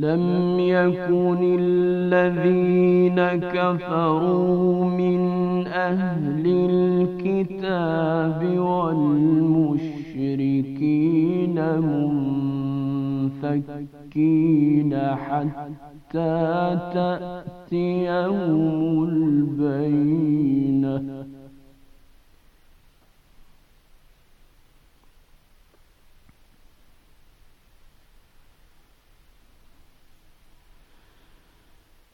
لم يكن الذين كفروا من أهل الكتاب والمشركين منفكين حتى تأتيهم البينة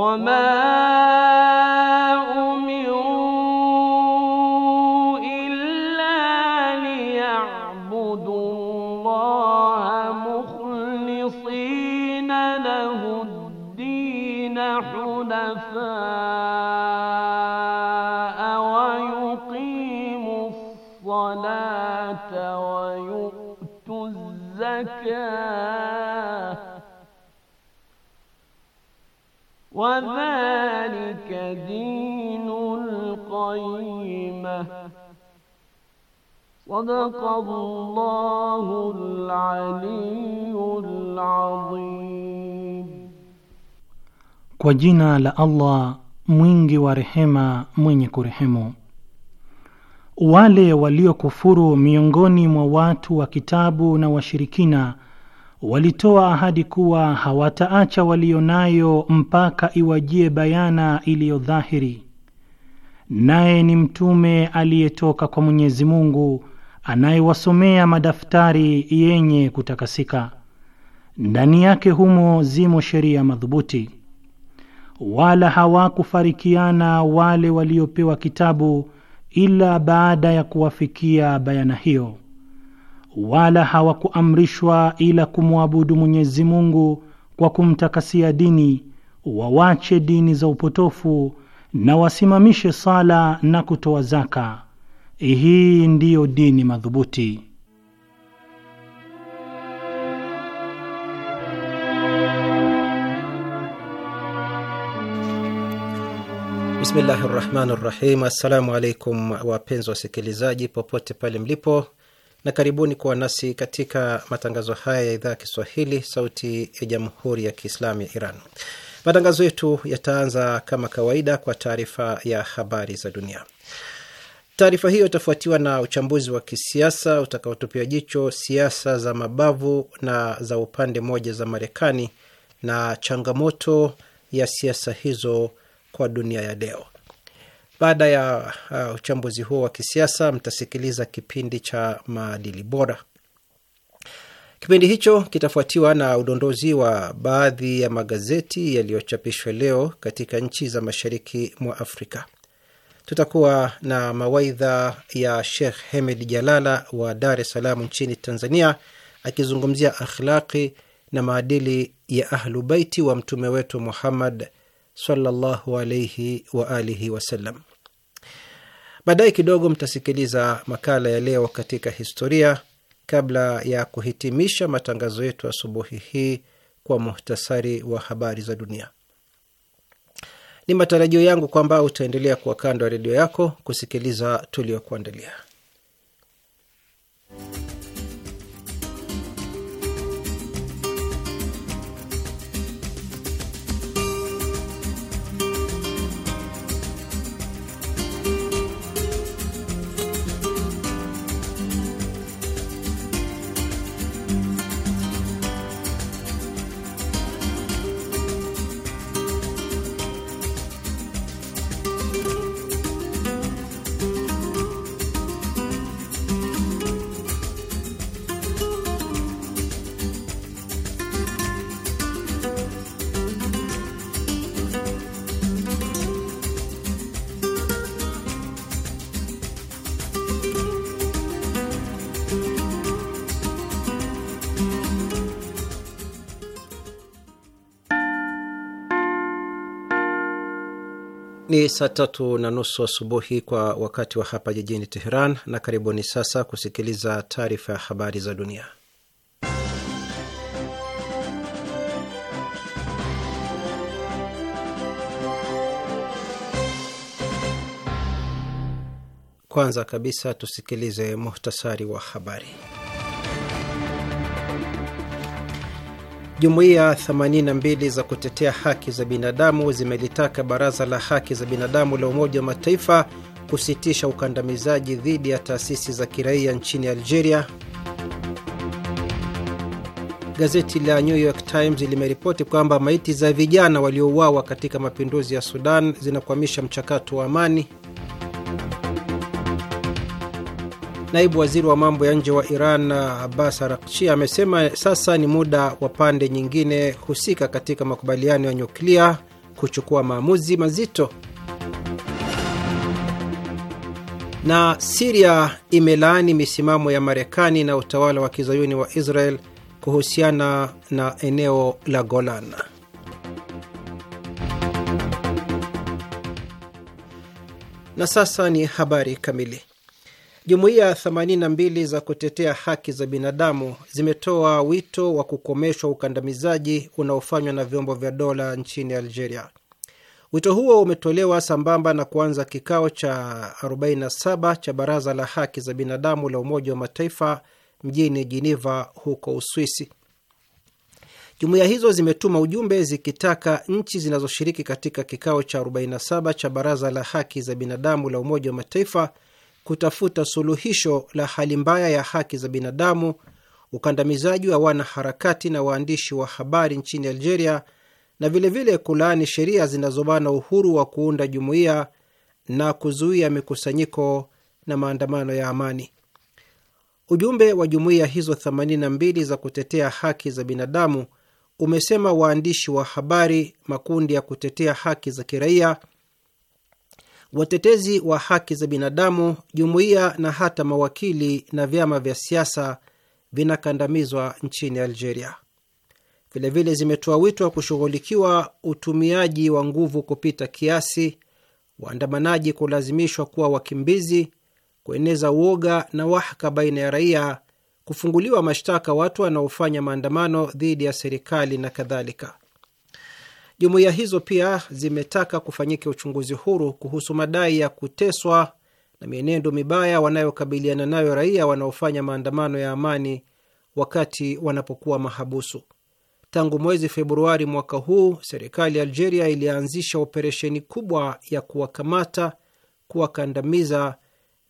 وما Kwa jina la Allah mwingi wa rehema mwenye kurehemu. Wale waliokufuru miongoni mwa watu wa kitabu na washirikina walitoa ahadi kuwa hawataacha walionayo mpaka iwajie bayana iliyo dhahiri, naye ni mtume aliyetoka kwa Mwenyezi Mungu anayewasomea madaftari yenye kutakasika, ndani yake humo zimo sheria madhubuti. Wala hawakufarikiana wale waliopewa kitabu ila baada ya kuwafikia bayana hiyo, wala hawakuamrishwa ila kumwabudu Mwenyezi Mungu kwa kumtakasia dini, wawache dini za upotofu na wasimamishe sala na kutoa zaka hii ndiyo dini madhubuti. Bismillahi rahmani rahim. Assalamu alaikum wapenzi wasikilizaji popote pale mlipo, na karibuni kuwa nasi katika matangazo haya ya idhaa ya Kiswahili sauti ya jamhuri ya Kiislamu ya Iran. Matangazo yetu yataanza kama kawaida kwa taarifa ya habari za dunia. Taarifa hiyo itafuatiwa na uchambuzi wa kisiasa utakaotupia jicho siasa za mabavu na za upande mmoja za Marekani na changamoto ya siasa hizo kwa dunia ya leo. Baada ya uh, uchambuzi huo wa kisiasa, mtasikiliza kipindi cha maadili bora. Kipindi hicho kitafuatiwa na udondozi wa baadhi ya magazeti yaliyochapishwa leo katika nchi za mashariki mwa Afrika tutakuwa na mawaidha ya Shekh Hemed Jalala wa Dar es Salaam nchini Tanzania, akizungumzia akhlaqi na maadili ya ahlu Baiti wa mtume wetu Muhammad sallallahu alaihi wa alihi wasallam. Baadaye kidogo mtasikiliza makala ya leo katika historia, kabla ya kuhitimisha matangazo yetu asubuhi hii kwa muhtasari wa habari za dunia. Ni matarajio yangu kwamba utaendelea kuwa kando ya redio yako kusikiliza tuliokuandalia. saa tatu na nusu asubuhi kwa wakati wa hapa jijini Teheran, na karibuni sasa kusikiliza taarifa ya habari za dunia. Kwanza kabisa tusikilize muhtasari wa habari. Jumuiya 82 za kutetea haki za binadamu zimelitaka Baraza la Haki za Binadamu la Umoja wa Mataifa kusitisha ukandamizaji dhidi ya taasisi za kiraia nchini Algeria. Gazeti la New York Times limeripoti kwamba maiti za vijana waliouawa katika mapinduzi ya Sudan zinakwamisha mchakato wa amani. Naibu waziri wa mambo ya nje wa Iran uh, Abbas Araghchi amesema sasa ni muda wa pande nyingine husika katika makubaliano ya nyuklia kuchukua maamuzi mazito. Na Siria imelaani misimamo ya Marekani na utawala wa kizayuni wa Israel kuhusiana na eneo la Golan. Na sasa ni habari kamili. Jumuiya 82 za kutetea haki za binadamu zimetoa wito wa kukomeshwa ukandamizaji unaofanywa na vyombo vya dola nchini Algeria. Wito huo umetolewa sambamba na kuanza kikao cha 47 cha Baraza la Haki za Binadamu la Umoja wa Mataifa mjini Jiniva huko Uswisi. Jumuiya hizo zimetuma ujumbe zikitaka nchi zinazoshiriki katika kikao cha 47 cha Baraza la Haki za Binadamu la Umoja wa Mataifa kutafuta suluhisho la hali mbaya ya haki za binadamu, ukandamizaji wa wanaharakati na waandishi wa habari nchini Algeria na vilevile kulaani sheria zinazobana uhuru wa kuunda jumuiya na kuzuia mikusanyiko na maandamano ya amani. Ujumbe wa jumuiya hizo 82 za kutetea haki za binadamu umesema waandishi wa habari, makundi ya kutetea haki za kiraia watetezi wa haki za binadamu, jumuiya na hata mawakili na vyama vya siasa vinakandamizwa nchini Algeria. Vilevile zimetoa wito wa kushughulikiwa utumiaji wa nguvu kupita kiasi, waandamanaji kulazimishwa kuwa wakimbizi, kueneza uoga na wahaka baina ya raia, kufunguliwa mashtaka watu wanaofanya maandamano dhidi ya serikali na kadhalika. Jumuiya hizo pia zimetaka kufanyika uchunguzi huru kuhusu madai ya kuteswa na mienendo mibaya wanayokabiliana nayo raia wanaofanya maandamano ya amani wakati wanapokuwa mahabusu. Tangu mwezi Februari mwaka huu, serikali ya Algeria ilianzisha operesheni kubwa ya kuwakamata, kuwakandamiza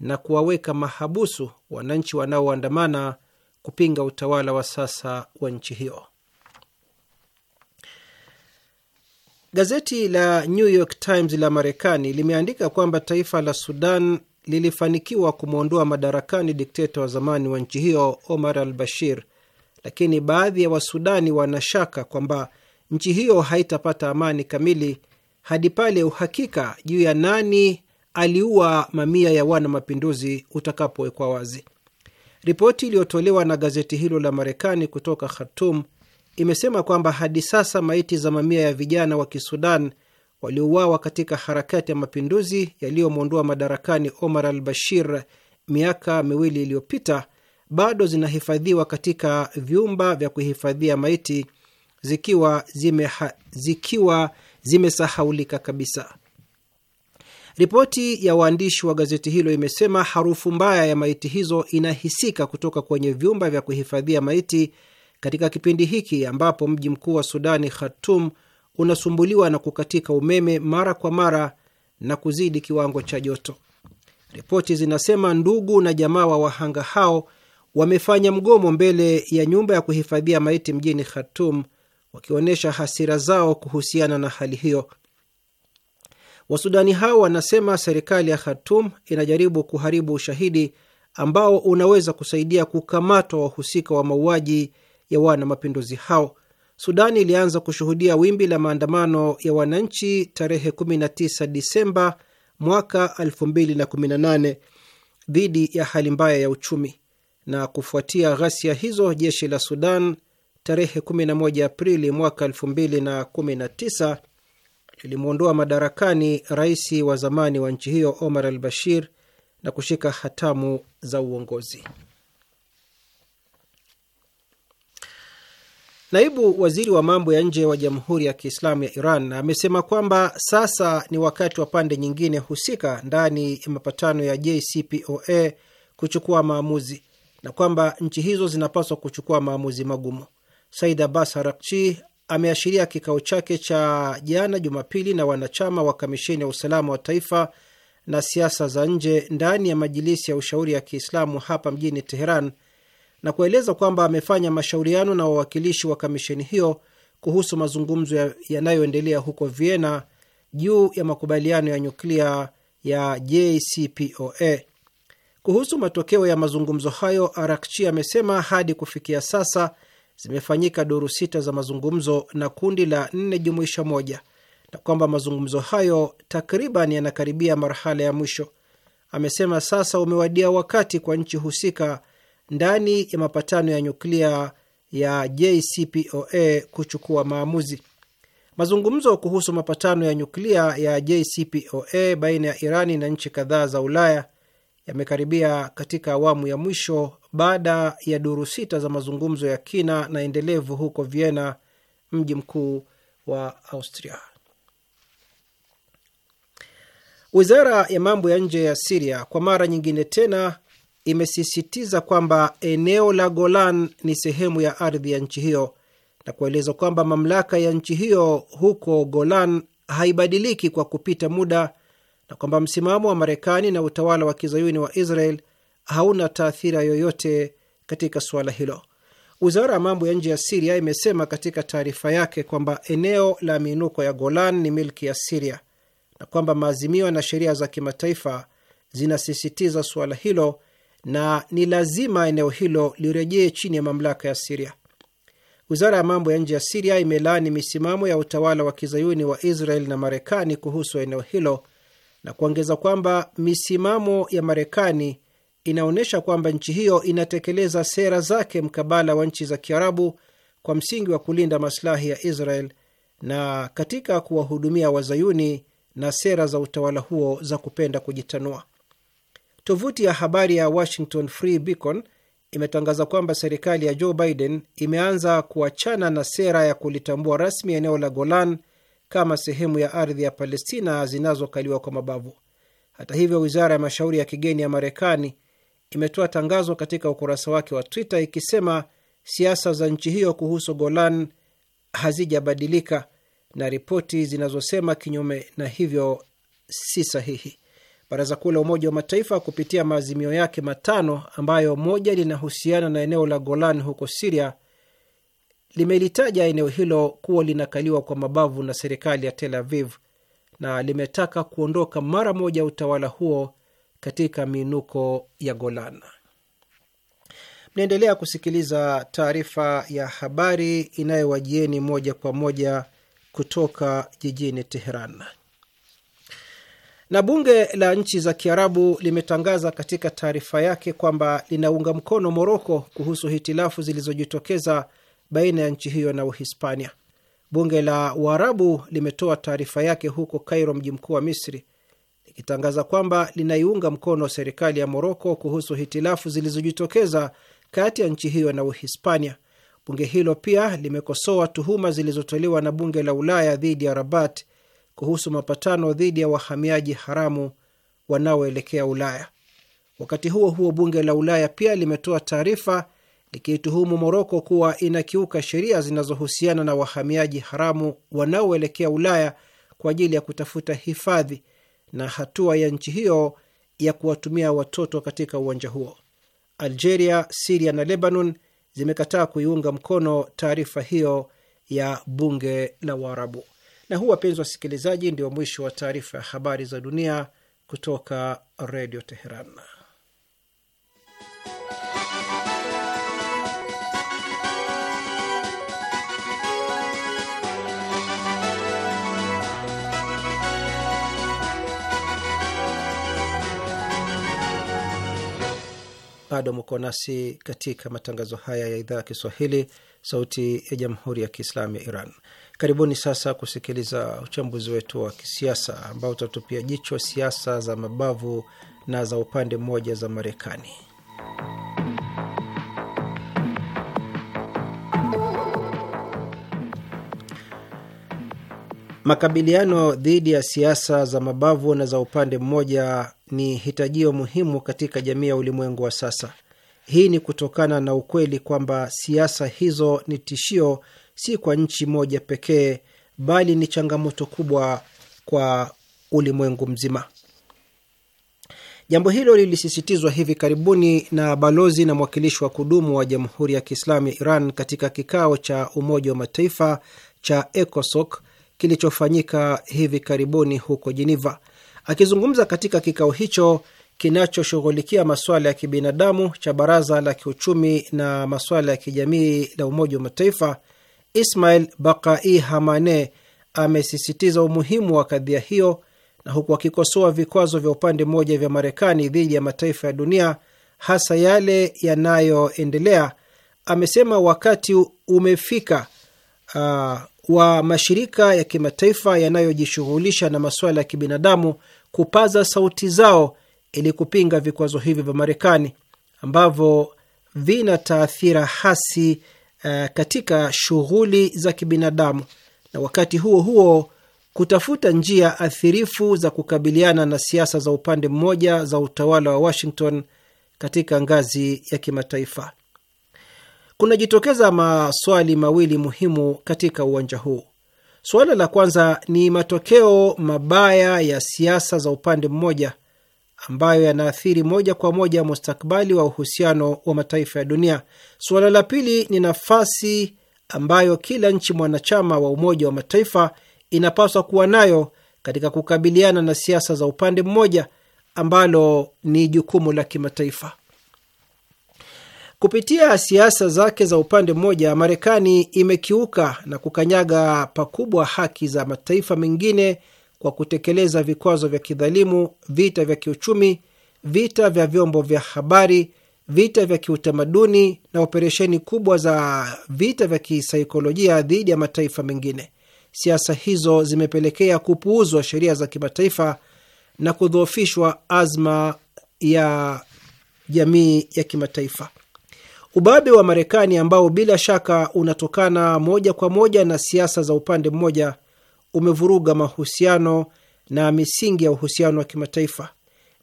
na kuwaweka mahabusu wananchi wanaoandamana kupinga utawala wa sasa wa nchi hiyo. Gazeti la New York Times la Marekani limeandika kwamba taifa la Sudan lilifanikiwa kumwondoa madarakani dikteta wa zamani wa nchi hiyo Omar al Bashir, lakini baadhi ya Wasudani wanashaka kwamba nchi hiyo haitapata amani kamili hadi pale uhakika juu ya nani aliua mamia ya wana mapinduzi utakapowekwa wazi. Ripoti iliyotolewa na gazeti hilo la Marekani kutoka Khartum imesema kwamba hadi sasa maiti za mamia ya vijana wa Kisudan waliouawa katika harakati ya mapinduzi yaliyomwondoa madarakani Omar al Bashir miaka miwili iliyopita bado zinahifadhiwa katika vyumba vya kuhifadhia maiti zikiwa zimeha, zikiwa zimesahaulika kabisa. Ripoti ya waandishi wa gazeti hilo imesema harufu mbaya ya maiti hizo inahisika kutoka kwenye vyumba vya kuhifadhia maiti katika kipindi hiki ambapo mji mkuu wa Sudani, Khartum, unasumbuliwa na kukatika umeme mara kwa mara na kuzidi kiwango cha joto. Ripoti zinasema ndugu na jamaa wa wahanga hao wamefanya mgomo mbele ya nyumba ya kuhifadhia maiti mjini Khartum, wakionyesha hasira zao kuhusiana na hali hiyo. Wasudani hao wanasema serikali ya Khartum inajaribu kuharibu ushahidi ambao unaweza kusaidia kukamatwa wahusika wa mauaji ya wana mapinduzi hao. Sudani ilianza kushuhudia wimbi la maandamano ya wananchi tarehe 19 Disemba mwaka 2018 dhidi ya hali mbaya ya uchumi, na kufuatia ghasia hizo, jeshi la Sudan tarehe 11 Aprili mwaka 2019 lilimwondoa madarakani rais wa zamani wa nchi hiyo Omar al Bashir na kushika hatamu za uongozi. Naibu waziri wa mambo ya nje wa Jamhuri ya Kiislamu ya Iran amesema kwamba sasa ni wakati wa pande nyingine husika ndani ya mapatano ya JCPOA kuchukua maamuzi na kwamba nchi hizo zinapaswa kuchukua maamuzi magumu. Said Abbas Harakchi ameashiria kikao chake cha jana Jumapili na wanachama wa kamisheni ya usalama wa taifa na siasa za nje ndani ya majilisi ya ushauri ya Kiislamu hapa mjini Teheran na kueleza kwamba amefanya mashauriano na wawakilishi wa kamisheni hiyo kuhusu mazungumzo yanayoendelea ya huko Vienna juu ya makubaliano ya nyuklia ya JCPOA. Kuhusu matokeo ya mazungumzo hayo, Arakchi amesema hadi kufikia sasa zimefanyika duru sita za mazungumzo na kundi la nne jumuisha moja na kwamba mazungumzo hayo takriban yanakaribia marhala ya mwisho. Amesema sasa umewadia wakati kwa nchi husika ndani ya mapatano ya nyuklia ya JCPOA kuchukua maamuzi. Mazungumzo kuhusu mapatano ya nyuklia ya JCPOA baina ya Irani na nchi kadhaa za Ulaya yamekaribia katika awamu ya mwisho baada ya duru sita za mazungumzo ya kina na endelevu huko Vienna, mji mkuu wa Austria. Wizara ya mambo ya nje ya Siria kwa mara nyingine tena imesisitiza kwamba eneo la Golan ni sehemu ya ardhi ya nchi hiyo na kueleza kwamba mamlaka ya nchi hiyo huko Golan haibadiliki kwa kupita muda na kwamba msimamo wa Marekani na utawala wa kizayuni wa Israel hauna taathira yoyote katika suala hilo. Wizara ya mambo ya nje ya Siria imesema katika taarifa yake kwamba eneo la miinuko ya Golan ni milki ya Siria na kwamba maazimio na sheria za kimataifa zinasisitiza suala hilo na ni lazima eneo hilo lirejee chini ya mamlaka ya Siria. Wizara ya mambo ya nje ya Siria imelaani misimamo ya utawala wa kizayuni wa Israel na Marekani kuhusu eneo hilo na kuongeza kwamba misimamo ya Marekani inaonyesha kwamba nchi hiyo inatekeleza sera zake mkabala wa nchi za Kiarabu kwa msingi wa kulinda masilahi ya Israel na katika kuwahudumia wazayuni na sera za utawala huo za kupenda kujitanua. Tovuti ya habari ya Washington Free Beacon imetangaza kwamba serikali ya Joe Biden imeanza kuachana na sera ya kulitambua rasmi eneo la Golan kama sehemu ya ardhi ya Palestina zinazokaliwa kwa mabavu. Hata hivyo, wizara ya mashauri ya kigeni ya Marekani imetoa tangazo katika ukurasa wake wa Twitter ikisema siasa za nchi hiyo kuhusu Golan hazijabadilika na ripoti zinazosema kinyume na hivyo si sahihi. Baraza Kuu la Umoja wa Mataifa kupitia maazimio yake matano ambayo moja linahusiana na eneo la Golan huko Siria limelitaja eneo hilo kuwa linakaliwa kwa mabavu na serikali ya Tel Aviv na limetaka kuondoka mara moja utawala huo katika miinuko ya Golan. Mnaendelea kusikiliza taarifa ya habari inayowajieni moja kwa moja kutoka jijini Teheran. Na bunge la nchi za Kiarabu limetangaza katika taarifa yake kwamba linaunga mkono Moroko kuhusu hitilafu zilizojitokeza baina ya nchi hiyo na Uhispania. Bunge la Uarabu limetoa taarifa yake huko Kairo, mji mkuu wa Misri, likitangaza kwamba linaiunga mkono serikali ya Moroko kuhusu hitilafu zilizojitokeza kati ya nchi hiyo na Uhispania. Bunge hilo pia limekosoa tuhuma zilizotolewa na bunge la Ulaya dhidi ya Rabat kuhusu mapatano dhidi ya wahamiaji haramu wanaoelekea Ulaya. Wakati huo huo, bunge la Ulaya pia limetoa taarifa likiituhumu Moroko kuwa inakiuka sheria zinazohusiana na wahamiaji haramu wanaoelekea Ulaya kwa ajili ya kutafuta hifadhi na hatua ya nchi hiyo ya kuwatumia watoto katika uwanja huo. Algeria, Siria na Lebanon zimekataa kuiunga mkono taarifa hiyo ya bunge la Waarabu. Na huu, wapenzi wasikilizaji, ndio mwisho wa taarifa ya habari za dunia kutoka Redio Teheran. Bado mko nasi katika matangazo haya ya idhaa ya Kiswahili, sauti ya jamhuri ya kiislamu ya Iran. Karibuni sasa kusikiliza uchambuzi wetu wa kisiasa ambao utatupia jicho siasa za mabavu na za upande mmoja za Marekani. Makabiliano dhidi ya siasa za mabavu na za upande mmoja ni hitajio muhimu katika jamii ya ulimwengu wa sasa. Hii ni kutokana na ukweli kwamba siasa hizo ni tishio si kwa nchi moja pekee, bali ni changamoto kubwa kwa ulimwengu mzima. Jambo hilo lilisisitizwa hivi karibuni na balozi na mwakilishi wa kudumu wa Jamhuri ya Kiislamu ya Iran katika kikao cha Umoja wa Mataifa cha ECOSOC kilichofanyika hivi karibuni huko Jiniva. Akizungumza katika kikao hicho kinachoshughulikia masuala ya kibinadamu cha Baraza la Kiuchumi na Masuala ya Kijamii la Umoja wa Mataifa, Ismail Bakai Hamane amesisitiza umuhimu wa kadhia hiyo na huku akikosoa vikwazo vya upande mmoja vya Marekani dhidi ya mataifa ya dunia hasa yale yanayoendelea, amesema wakati umefika uh, wa mashirika ya kimataifa yanayojishughulisha na masuala ya kibinadamu kupaza sauti zao ili kupinga vikwazo hivyo vya Marekani ambavyo vina taathira hasi Eh, katika shughuli za kibinadamu na wakati huo huo kutafuta njia athirifu za kukabiliana na siasa za upande mmoja za utawala wa Washington katika ngazi ya kimataifa. Kunajitokeza maswali mawili muhimu katika uwanja huu. Suala la kwanza ni matokeo mabaya ya siasa za upande mmoja ambayo yanaathiri moja kwa moja mustakabali wa uhusiano wa mataifa ya dunia. Suala la pili ni nafasi ambayo kila nchi mwanachama wa Umoja wa Mataifa inapaswa kuwa nayo katika kukabiliana na siasa za upande mmoja ambalo ni jukumu la kimataifa. Kupitia siasa zake za upande mmoja, Marekani imekiuka na kukanyaga pakubwa haki za mataifa mengine kwa kutekeleza vikwazo vya kidhalimu, vita vya kiuchumi, vita vya vyombo vya habari, vita vya kiutamaduni na operesheni kubwa za vita vya kisaikolojia dhidi ya mataifa mengine. Siasa hizo zimepelekea kupuuzwa sheria za kimataifa na kudhoofishwa azma ya jamii ya kimataifa. Ubabe wa Marekani ambao bila shaka unatokana moja kwa moja na siasa za upande mmoja umevuruga mahusiano na misingi ya uhusiano wa kimataifa.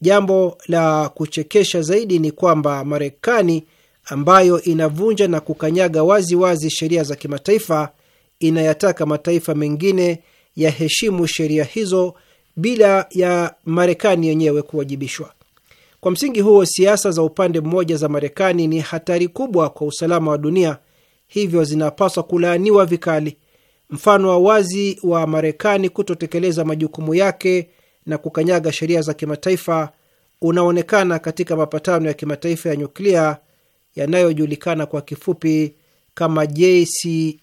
Jambo la kuchekesha zaidi ni kwamba Marekani ambayo inavunja na kukanyaga waziwazi wazi sheria za kimataifa inayataka mataifa mengine yaheshimu sheria hizo bila ya Marekani yenyewe kuwajibishwa. Kwa msingi huo, siasa za upande mmoja za Marekani ni hatari kubwa kwa usalama wa dunia, hivyo zinapaswa kulaaniwa vikali mfano wa wazi wa Marekani kutotekeleza majukumu yake na kukanyaga sheria za kimataifa unaonekana katika mapatano ya kimataifa ya nyuklia yanayojulikana kwa kifupi kama JCPOA.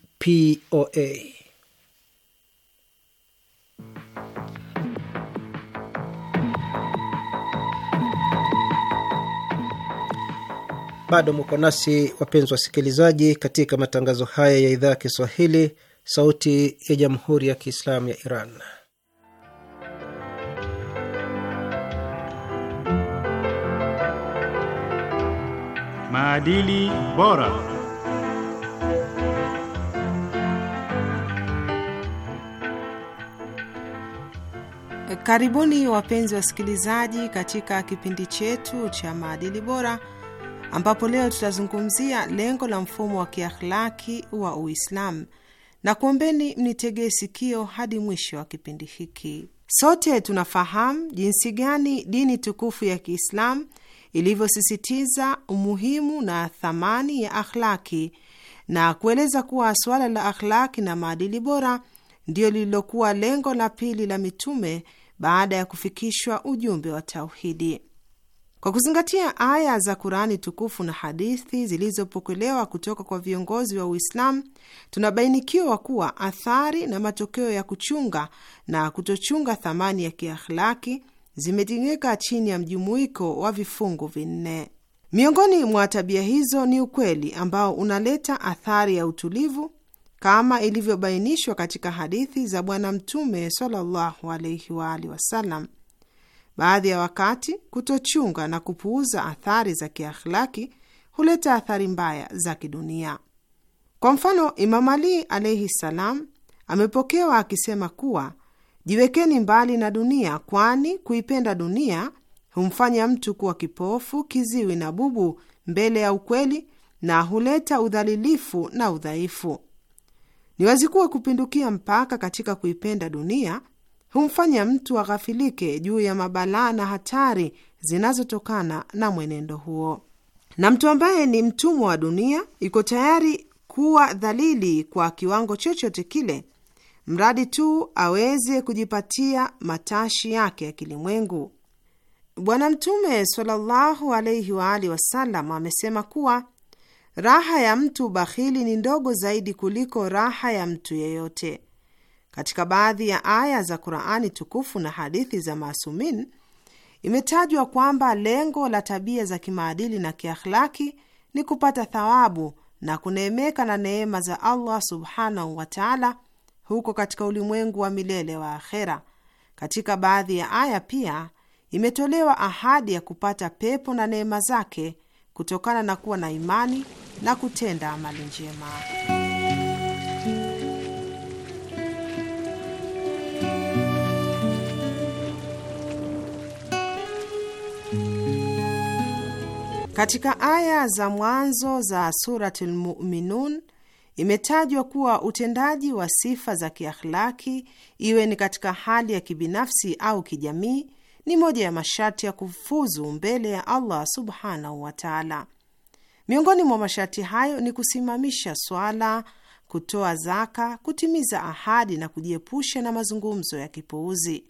Bado mko nasi wapenzi wasikilizaji, katika matangazo haya ya idhaa ya Kiswahili sauti ya jamhuri ya kiislamu ya Iran. Maadili bora. Karibuni wapenzi wasikilizaji, katika kipindi chetu cha maadili bora, ambapo leo tutazungumzia lengo la mfumo wa kiakhlaki wa Uislamu na kuombeni mnitegee sikio hadi mwisho wa kipindi hiki. Sote tunafahamu jinsi gani dini tukufu ya Kiislamu ilivyosisitiza umuhimu na thamani ya akhlaki na kueleza kuwa suala la akhlaki na maadili bora ndiyo lililokuwa lengo la pili la mitume baada ya kufikishwa ujumbe wa tauhidi. Kwa kuzingatia aya za Kurani tukufu na hadithi zilizopokelewa kutoka kwa viongozi wa Uislamu, tunabainikiwa kuwa athari na matokeo ya kuchunga na kutochunga thamani ya kiakhlaki zimetingika chini ya mjumuiko wa vifungu vinne. Miongoni mwa tabia hizo ni ukweli ambao unaleta athari ya utulivu kama ilivyobainishwa katika hadithi za Bwana Mtume sallallahu alaihi waalihi wasallam Baadhi ya wakati kutochunga na kupuuza athari za kiakhlaki huleta athari mbaya za kidunia. Kwa mfano, Imam Ali alaihi salam amepokewa akisema kuwa jiwekeni mbali na dunia, kwani kuipenda dunia humfanya mtu kuwa kipofu, kiziwi na bubu mbele ya ukweli na huleta udhalilifu na udhaifu. Ni wazi kuwa kupindukia mpaka katika kuipenda dunia humfanya mtu aghafilike juu ya mabalaa na hatari zinazotokana na mwenendo huo. Na mtu ambaye ni mtumwa wa dunia iko tayari kuwa dhalili kwa kiwango chochote kile, mradi tu aweze kujipatia matashi yake ya kilimwengu. Bwana Mtume sallallahu alaihi wasallam amesema kuwa raha ya mtu bakhili ni ndogo zaidi kuliko raha ya mtu yeyote. Katika baadhi ya aya za Qurani tukufu na hadithi za Masumin imetajwa kwamba lengo la tabia za kimaadili na kiakhlaki ni kupata thawabu na kuneemeka na neema za Allah subhanahu wa taala huko katika ulimwengu wa milele wa akhera. Katika baadhi ya aya pia imetolewa ahadi ya kupata pepo na neema zake kutokana na kuwa na imani na kutenda amali njema. Katika aya za mwanzo za Suratul Muminun imetajwa kuwa utendaji wa sifa za kiakhlaki, iwe ni katika hali ya kibinafsi au kijamii, ni moja ya masharti ya kufuzu mbele ya Allah subhanahu wataala Miongoni mwa masharti hayo ni kusimamisha swala, kutoa zaka, kutimiza ahadi na kujiepusha na mazungumzo ya kipuuzi.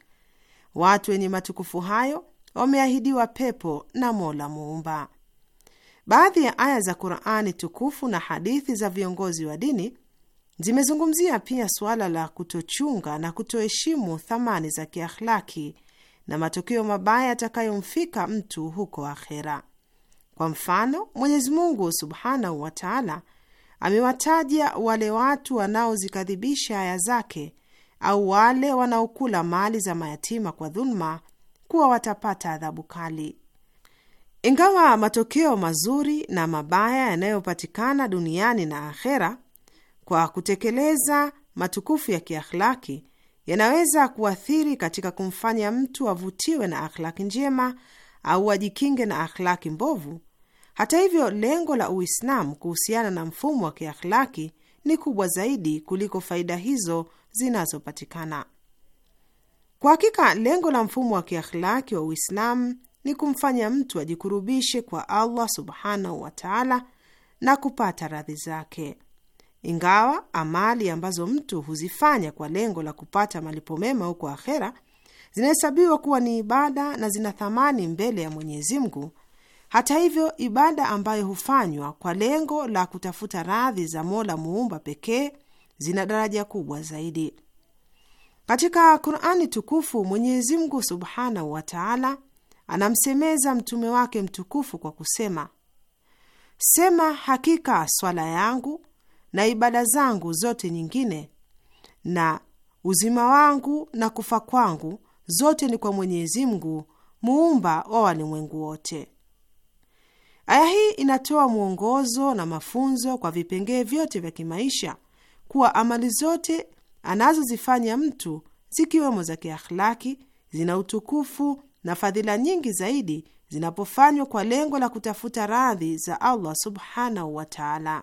Watu wenye matukufu hayo wameahidiwa pepo na Mola Muumba. Baadhi ya aya za Qurani tukufu na hadithi za viongozi wa dini zimezungumzia pia suala la kutochunga na kutoheshimu thamani za kiakhlaki na matokeo mabaya yatakayomfika mtu huko akhera. Kwa mfano, Mwenyezi Mungu subhanahu wa taala amewataja wale watu wanaozikadhibisha aya zake au wale wanaokula mali za mayatima kwa dhuluma kuwa watapata adhabu kali. Ingawa matokeo mazuri na mabaya yanayopatikana duniani na akhera kwa kutekeleza matukufu ya kiakhlaki yanaweza kuathiri katika kumfanya mtu avutiwe na akhlaki njema au ajikinge na akhlaki mbovu. Hata hivyo, lengo la Uislamu kuhusiana na mfumo wa kiakhlaki ni kubwa zaidi kuliko faida hizo zinazopatikana. Kwa hakika, lengo la mfumo wa kiakhlaki wa Uislamu ni kumfanya mtu ajikurubishe kwa Allah subhanahu wa taala na kupata radhi zake. Ingawa amali ambazo mtu huzifanya kwa lengo la kupata malipo mema huko akhera zinahesabiwa kuwa ni ibada na zina thamani mbele ya Mwenyezi Mungu. Hata hivyo, ibada ambayo hufanywa kwa lengo la kutafuta radhi za Mola muumba pekee zina daraja kubwa zaidi. Katika Qur'ani tukufu Mwenyezi Mungu subhanahu wa taala anamsemeza mtume wake mtukufu kwa kusema, sema hakika swala yangu na ibada zangu zote nyingine na uzima wangu na kufa kwangu zote ni kwa Mwenyezi Mungu muumba wa walimwengu wote. Aya hii inatoa mwongozo na mafunzo kwa vipengee vyote vya kimaisha kuwa amali zote anazozifanya mtu zikiwemo za kiakhlaki zina utukufu na fadhila nyingi zaidi zinapofanywa kwa lengo la kutafuta radhi za Allah subhanahu wa taala.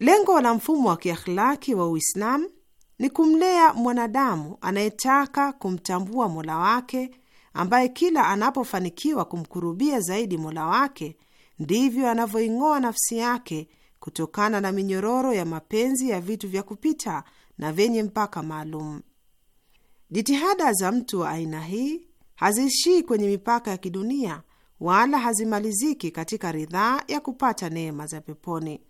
Lengo la mfumo wa kiakhlaki wa Uislamu ni kumlea mwanadamu anayetaka kumtambua mola wake, ambaye kila anapofanikiwa kumkurubia zaidi mola wake ndivyo anavyoing'oa nafsi yake kutokana na minyororo ya mapenzi ya vitu vya kupita na vyenye mpaka maalum. Jitihada za mtu wa aina hii haziishii kwenye mipaka ya kidunia wala hazimaliziki katika ridhaa ya kupata neema za peponi.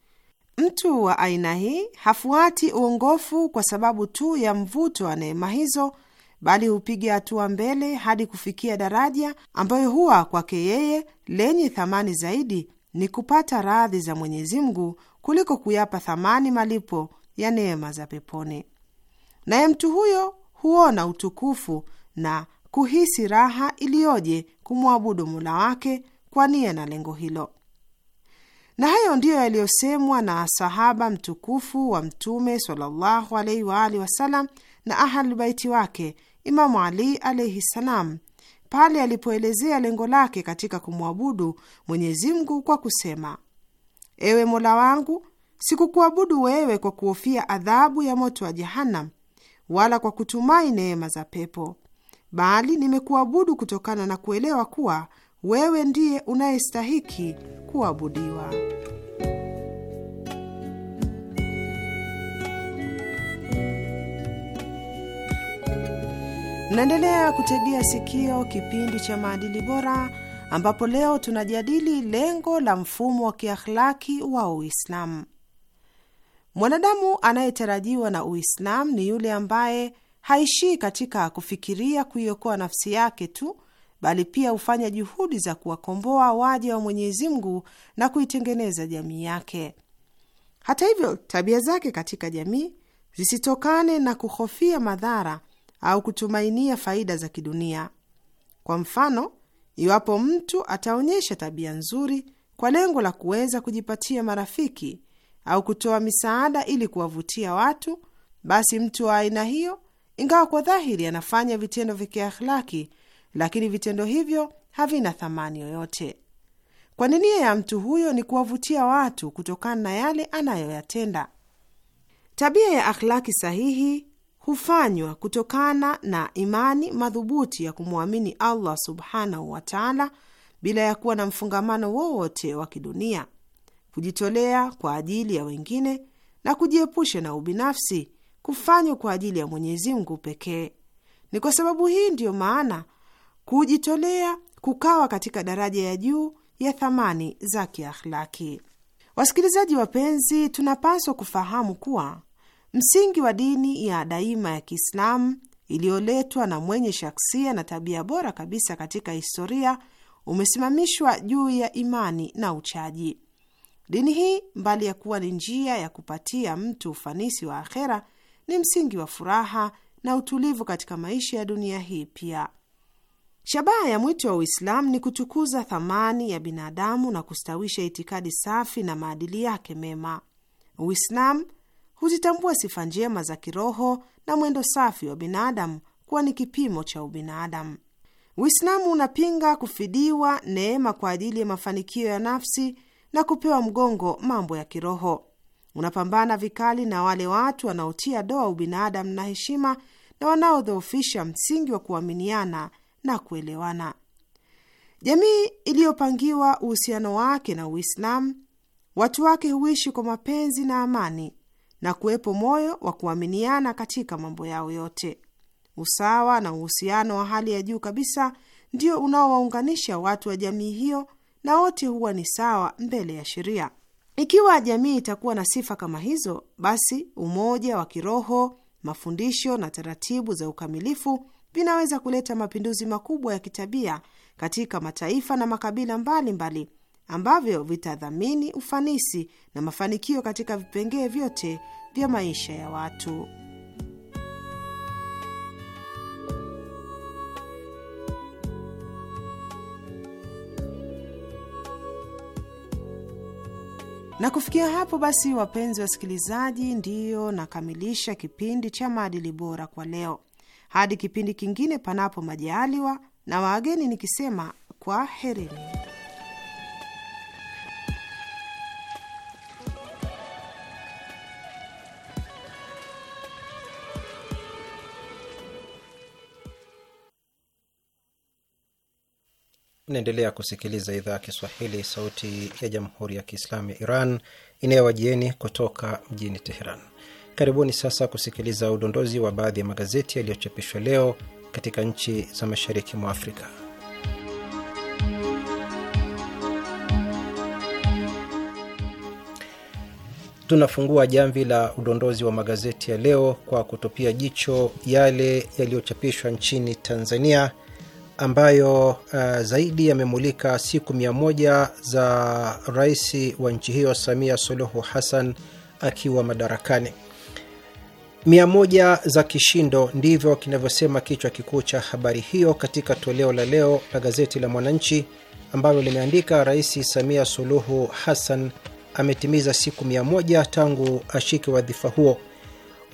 Mtu wa aina hii hafuati uongofu kwa sababu tu ya mvuto wa neema hizo, bali hupiga hatua mbele hadi kufikia daraja ambayo huwa kwake yeye lenye thamani zaidi ni kupata radhi za Mwenyezi Mungu kuliko kuyapa thamani malipo ya neema za peponi. Naye mtu huyo huona utukufu na kuhisi raha iliyoje kumwabudu mula wake kwa nia na lengo hilo. Na hayo ndiyo yaliyosemwa na sahaba mtukufu wa Mtume sallallahu alaihi wa alihi wasallam na ahalbaiti wake Imamu Ali alaihi ssalam pale alipoelezea lengo lake katika kumwabudu Mwenyezi Mungu kwa kusema: ewe Mola wangu, sikukuabudu wewe kwa kuhofia adhabu ya moto wa Jahannam wala kwa kutumai neema za pepo bali nimekuabudu kutokana na kuelewa kuwa wewe ndiye unayestahiki kuabudiwa. Naendelea kutegea sikio kipindi cha maadili bora, ambapo leo tunajadili lengo la mfumo wa kiakhlaki wa Uislamu. Mwanadamu anayetarajiwa na Uislamu ni yule ambaye haishii katika kufikiria kuiokoa nafsi yake tu, bali pia hufanya juhudi za kuwakomboa waja wa Mwenyezi Mungu na kuitengeneza jamii yake. Hata hivyo, tabia zake katika jamii zisitokane na kuhofia madhara au kutumainia faida za kidunia. Kwa mfano, iwapo mtu ataonyesha tabia nzuri kwa lengo la kuweza kujipatia marafiki au kutoa misaada ili kuwavutia watu, basi mtu wa aina hiyo ingawa kwa dhahiri anafanya vitendo vya kiakhlaki, lakini vitendo hivyo havina thamani yoyote, kwani nia ya mtu huyo ni kuwavutia watu kutokana na yale anayoyatenda. Tabia ya akhlaki sahihi hufanywa kutokana na imani madhubuti ya kumwamini Allah subhanahu wa taala, bila ya kuwa na mfungamano wowote wa kidunia, kujitolea kwa ajili ya wengine na kujiepusha na ubinafsi kufanywa kwa ajili ya Mwenyezi Mungu pekee. Ni kwa sababu hii ndiyo maana kujitolea kukawa katika daraja ya juu ya thamani za kiakhlaki. Wasikilizaji wapenzi, tunapaswa kufahamu kuwa msingi wa dini ya daima ya Kiislamu iliyoletwa na mwenye shaksia na tabia bora kabisa katika historia umesimamishwa juu ya imani na uchaji. Dini hii mbali ya kuwa ni njia ya kupatia mtu ufanisi wa akhera, ni msingi wa furaha na utulivu katika maisha ya dunia hii pia. Shabaha ya mwito wa Uislamu ni kutukuza thamani ya binadamu na kustawisha itikadi safi na maadili yake mema. Uislamu huzitambua sifa njema za kiroho na mwendo safi wa binadamu kuwa ni kipimo cha ubinadamu. Uislamu unapinga kufidiwa neema kwa ajili ya mafanikio ya nafsi na kupewa mgongo mambo ya kiroho unapambana vikali na wale watu wanaotia doa ubinadamu na heshima na wanaodhoofisha msingi wa kuaminiana na kuelewana. Jamii iliyopangiwa uhusiano wake na Uislamu, watu wake huishi kwa mapenzi na amani na kuwepo moyo wa kuaminiana katika mambo yao yote. Usawa na uhusiano wa hali ya juu kabisa ndio unaowaunganisha watu wa jamii hiyo, na wote huwa ni sawa mbele ya sheria. Ikiwa jamii itakuwa na sifa kama hizo, basi umoja wa kiroho, mafundisho na taratibu za ukamilifu vinaweza kuleta mapinduzi makubwa ya kitabia katika mataifa na makabila mbalimbali mbali, ambavyo vitadhamini ufanisi na mafanikio katika vipengee vyote vya maisha ya watu. Na kufikia hapo basi, wapenzi wasikilizaji, ndiyo nakamilisha kipindi cha maadili bora kwa leo. Hadi kipindi kingine, panapo majaliwa, na waageni nikisema kwa herini. Unaendelea kusikiliza idhaa ya Kiswahili, sauti ya jamhuri ya kiislamu ya Iran inayowajieni kutoka mjini Teheran. Karibuni sasa kusikiliza udondozi wa baadhi ya magazeti yaliyochapishwa leo katika nchi za mashariki mwa Afrika. Tunafungua jamvi la udondozi wa magazeti ya leo kwa kutupia jicho yale yaliyochapishwa nchini Tanzania ambayo uh, zaidi yamemulika siku mia moja za rais wa nchi hiyo Samia Suluhu Hassan akiwa madarakani. Mia moja za kishindo, ndivyo kinavyosema kichwa kikuu cha habari hiyo katika toleo la leo la gazeti la Mwananchi ambalo limeandika Rais Samia Suluhu Hassan ametimiza siku mia moja tangu ashike wadhifa huo.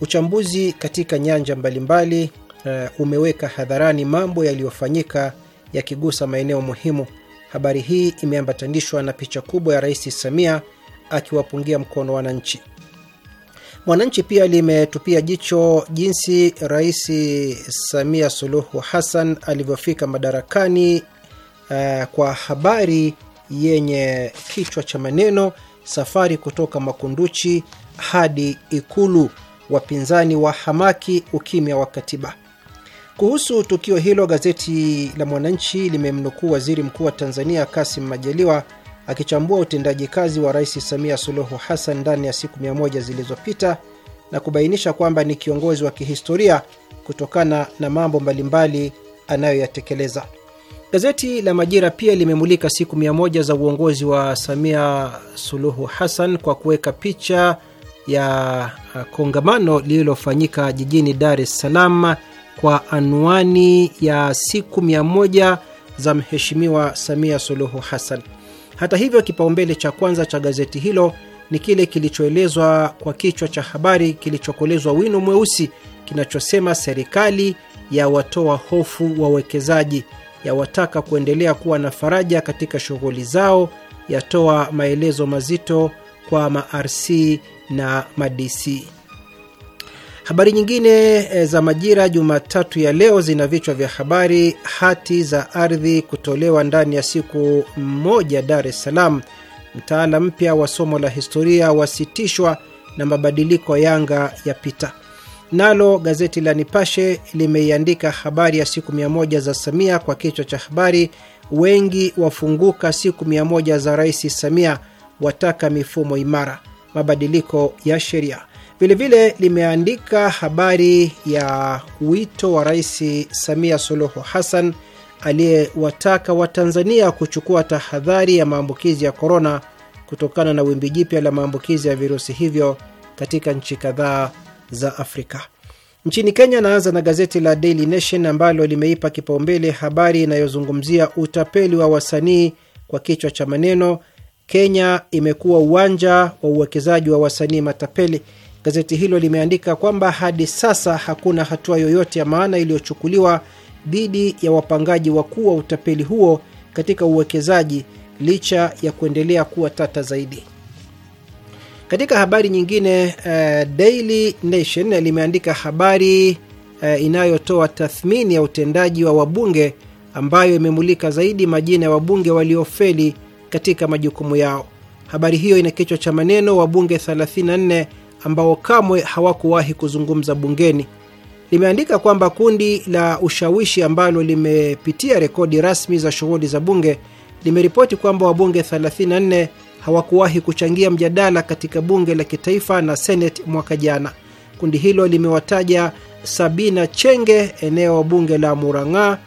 Uchambuzi katika nyanja mbalimbali mbali, uh, umeweka hadharani mambo yaliyofanyika yakigusa maeneo muhimu. Habari hii imeambatanishwa na picha kubwa ya Rais Samia akiwapungia mkono wananchi. Mwananchi pia limetupia jicho jinsi Rais Samia Suluhu Hassan alivyofika madarakani uh, kwa habari yenye kichwa cha maneno safari kutoka Makunduchi hadi Ikulu, wapinzani wa hamaki ukimya wa katiba. Kuhusu tukio hilo, gazeti la Mwananchi limemnukuu waziri mkuu wa Tanzania Kasim Majaliwa akichambua utendaji kazi wa Rais Samia Suluhu Hassan ndani ya siku mia moja zilizopita na kubainisha kwamba ni kiongozi wa kihistoria kutokana na mambo mbalimbali anayoyatekeleza. Gazeti la Majira pia limemulika siku mia moja za uongozi wa Samia Suluhu Hassan kwa kuweka picha ya kongamano lililofanyika jijini Dar es Salaam kwa anwani ya siku mia moja za Mheshimiwa Samia Suluhu Hassan. Hata hivyo, kipaumbele cha kwanza cha gazeti hilo ni kile kilichoelezwa kwa kichwa cha habari kilichokolezwa wino mweusi kinachosema serikali ya watoa hofu wawekezaji, yawataka kuendelea kuwa na faraja katika shughuli zao, yatoa maelezo mazito kwa ma-RC na ma-DC. Habari nyingine eh, za Majira Jumatatu ya leo zina vichwa vya habari: hati za ardhi kutolewa ndani ya siku moja Dar es Salaam, mtaala mpya wa somo la historia wasitishwa, na mabadiliko ya pita yapita. Nalo gazeti la Nipashe limeiandika habari ya siku mia moja za Samia kwa kichwa cha habari, wengi wafunguka siku mia moja za Rais Samia, wataka mifumo imara, mabadiliko ya sheria Vilevile limeandika habari ya wito wa Rais Samia Suluhu Hassan aliyewataka Watanzania kuchukua tahadhari ya maambukizi ya korona kutokana na wimbi jipya la maambukizi ya virusi hivyo katika nchi kadhaa za Afrika. Nchini Kenya, naanza na gazeti la Daily Nation ambalo limeipa kipaumbele habari inayozungumzia utapeli wa wasanii kwa kichwa cha maneno, Kenya imekuwa uwanja wa uwekezaji wa wasanii matapeli. Gazeti hilo limeandika kwamba hadi sasa hakuna hatua yoyote ya maana iliyochukuliwa dhidi ya wapangaji wakuu wa utapeli huo katika uwekezaji licha ya kuendelea kuwa tata zaidi. Katika habari nyingine, uh, Daily Nation limeandika habari uh, inayotoa tathmini ya utendaji wa wabunge ambayo imemulika zaidi majina ya wabunge waliofeli katika majukumu yao. Habari hiyo ina kichwa cha maneno wabunge 34 ambao kamwe hawakuwahi kuzungumza bungeni. Limeandika kwamba kundi la ushawishi ambalo limepitia rekodi rasmi za shughuli za bunge limeripoti kwamba wabunge 34 hawakuwahi kuchangia mjadala katika bunge la kitaifa na seneti mwaka jana. Kundi hilo limewataja Sabina Chenge, eneo wa bunge la Murang'a,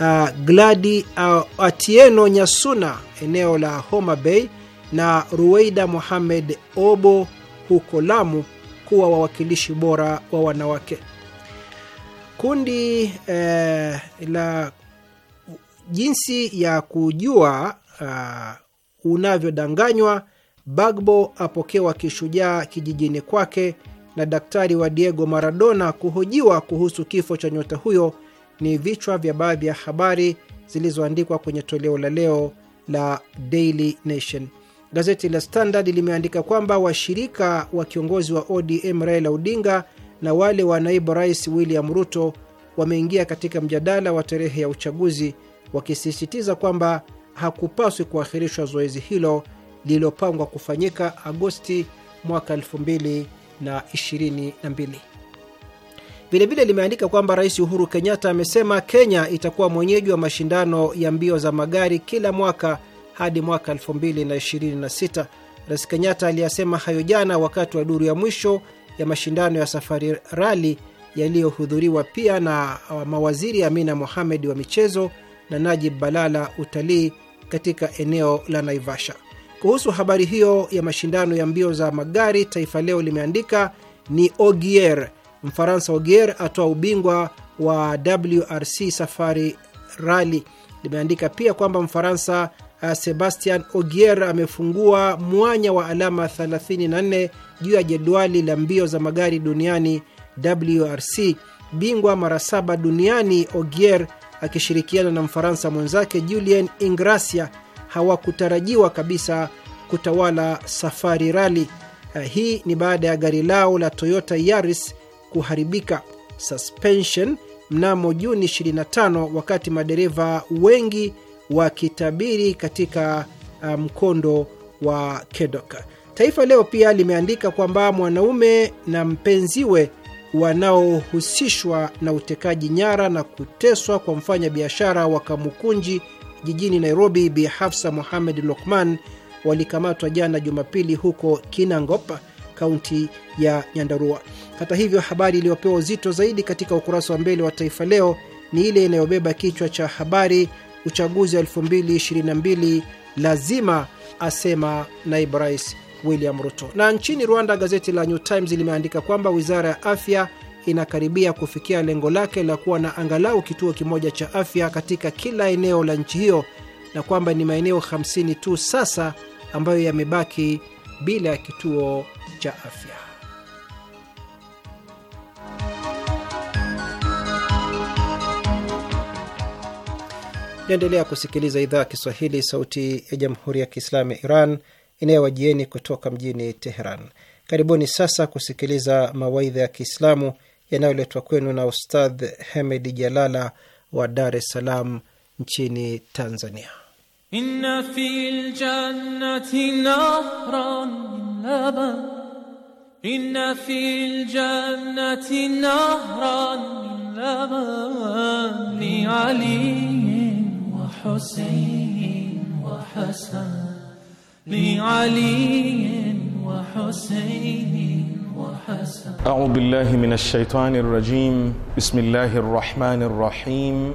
uh, Gladi uh, Atieno Nyasuna, eneo la Homa Bay, na Ruweida Mohamed Obo huko Lamu kuwa wawakilishi bora wa wanawake. Kundi eh, la jinsi ya kujua uh, unavyodanganywa. Bagbo apokewa kishujaa kijijini kwake, na daktari wa Diego Maradona kuhojiwa kuhusu kifo cha nyota huyo ni vichwa vya baadhi ya habari zilizoandikwa kwenye toleo la leo la Daily Nation. Gazeti la Standard limeandika kwamba washirika wa kiongozi wa ODM Raila Odinga na wale wa naibu rais William Ruto wameingia katika mjadala wa tarehe ya uchaguzi, wakisisitiza kwamba hakupaswi kuahirishwa zoezi hilo lililopangwa kufanyika Agosti mwaka 2022. Vilevile limeandika kwamba Rais Uhuru Kenyatta amesema Kenya itakuwa mwenyeji wa mashindano ya mbio za magari kila mwaka hadi mwaka 2026. Rais Kenyatta aliyasema hayo jana wakati wa duru ya mwisho ya mashindano ya Safari Rali yaliyohudhuriwa pia na uh, mawaziri Amina Mohamed wa michezo na Najib Balala utalii katika eneo la Naivasha. Kuhusu habari hiyo ya mashindano ya mbio za magari, Taifa Leo limeandika ni Ogier, Mfaransa Ogier atoa ubingwa wa WRC Safari Rali limeandika pia kwamba Mfaransa uh, Sebastian Ogier amefungua mwanya wa alama 34 juu ya jedwali la mbio za magari duniani WRC. Bingwa mara saba duniani Ogier akishirikiana na Mfaransa mwenzake Julien Ingracia hawakutarajiwa kabisa kutawala safari rali. Uh, hii ni baada ya gari lao la Toyota Yaris kuharibika. Suspension mnamo Juni 25 wakati madereva wengi wakitabiri katika uh, mkondo wa Kedok. Taifa Leo pia limeandika kwamba mwanaume na mpenziwe wanaohusishwa na utekaji nyara na kuteswa kwa mfanya biashara wa Kamukunji jijini Nairobi, Bi Hafsa Mohamed Lokman walikamatwa jana Jumapili huko Kinangop kaunti ya Nyandarua. Hata hivyo, habari iliyopewa uzito zaidi katika ukurasa wa mbele wa Taifa Leo ni ile inayobeba kichwa cha habari, uchaguzi wa 2022 lazima, asema naibu rais William Ruto. Na nchini Rwanda, gazeti la New Times limeandika kwamba wizara ya afya inakaribia kufikia lengo lake la kuwa na angalau kituo kimoja cha afya katika kila eneo la nchi hiyo na kwamba ni maeneo 50 tu sasa ambayo yamebaki bila ya kituo cha afya. Naendelea kusikiliza idhaa ya Kiswahili, sauti ya jamhuri ya kiislamu ya Iran inayowajieni kutoka mjini Teheran. Karibuni sasa kusikiliza mawaidha ya Kiislamu yanayoletwa kwenu na Ustadh Hemedi Jalala wa Dar es Salaam nchini Tanzania. Inna fil jannati nahran laban إن في الجنة نهرا من لبن لعلي وحسين وحسن لعلي وحسين وحسن أعوذ بالله من الشيطان الرجيم بسم الله الرحمن الرحيم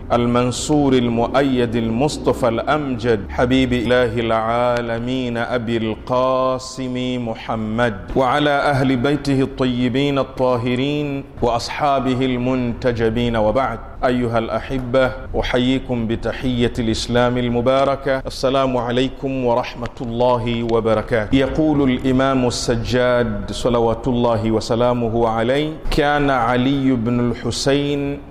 المنصور المؤيد المصطفى الأمجد حبيب إله العالمين أبي القاسم محمد وعلى أهل بيته الطيبين الطاهرين وأصحابه المنتجبين وبعد أيها الأحبة أحييكم بتحية الإسلام المباركة السلام عليكم ورحمة الله وبركاته يقول الإمام السجاد صلوات الله وسلامه عليه كان علي بن الحسين